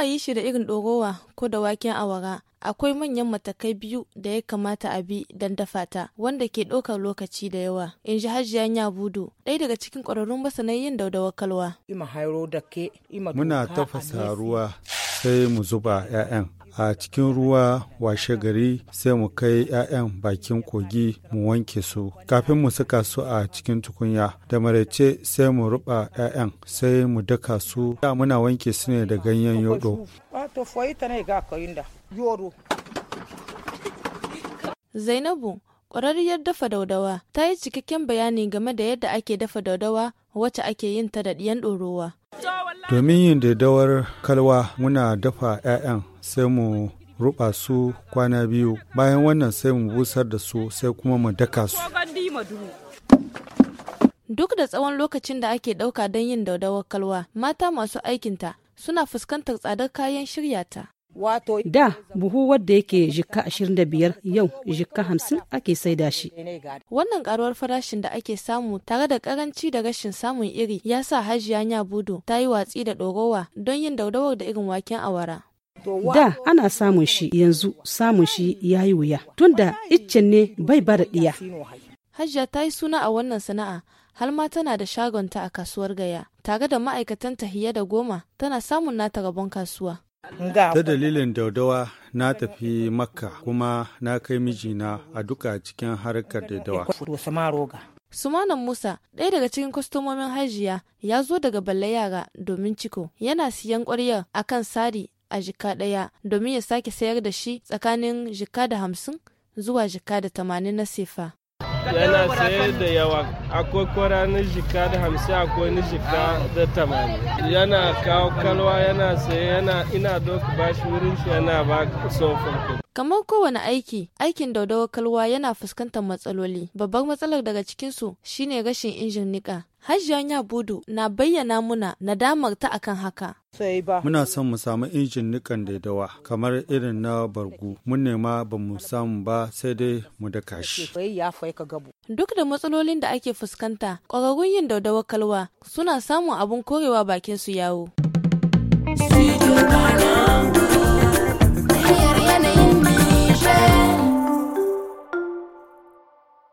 a yi shi da irin ɗorowa ko da waken awara akwai manyan matakai biyu da ya kamata a bi don dafa ta wanda ke ɗaukar lokaci da yawa in ji hajiya budu ɗaya daga cikin ƙwararrun yin daudawa kalwa muna tafasa ruwa sai mu zuba 'ya'yan a cikin ruwa washe gari sai mu kai 'ya'yan bakin kogi mu wanke su kafin mu saka su a cikin tukunya da maraice sai mu ruba 'ya'yan sai mu daka su da muna wanke su ne da ganyen yodo zainabu ƙwararriyar dafa daudawa ta yi cikakken bayani game da yadda ake dafa daudawa wacce ake yin ta da ɗiyan ɗorowa domin yin daidawar kalwa muna dafa 'ya'yan sai mu ruɓa su kwana biyu bayan wannan sai mu busar da su sai kuma mu daka su duk da tsawon lokacin da ake ɗauka don yin daudawar kalwa mata masu aikinta suna fuskantar tsadar kayan shirya ta Da buhu wadda yake jikka 25 yau jikka 50 ake saida shi. Wannan karuwar farashin da ake samu tare da karanci da rashin samun iri ya sa hajiya Nyabudu ta yi watsi da ɗorowa don yin daudawar da irin waken awara. Da ana samun shi yanzu samun shi ya yi wuya tunda iccen ne bai bar ɗiya. Hajiya ta yi suna a wannan sana'a har ma tana da shagonta a kasuwar gaya tare da ma'aikatan ta hiye da goma tana samun nata rabon kasuwa. Ta dalilin daudawa na tafi Makka kuma na kai mijina a duka cikin harkar daidawa. Sumanan Musa, ɗaya daga cikin kwastomomin hajiya, ya zo daga balle yara domin ciko. Yana siyan ƙwaryar a kan sari a jika ɗaya domin ya sake sayar da shi tsakanin jika da hamsin zuwa jika da tamanin na sefa. yana sayar da yawa akwai kwara na jika da hamsin akwai na jika da tamanin yana kawo kalwa yana saye yana ina doka bashi wurin shi yana ba tsofin Kamar kowane aiki, aikin daudawa kalwa yana fuskantar matsaloli. Babbar matsalar daga cikinsu shine rashin injin niƙa. ya Budu na bayyana muna nadamar ta akan haka. Muna son mu samu injin nikan daidawa kamar irin na bargu. Mun nema ba mu samu ba sai dai mu da kashi. Duk da matsalolin da ake fuskanta, ƙwararrun yin daudawa kalwa suna samun abun korewa bakin su yawo.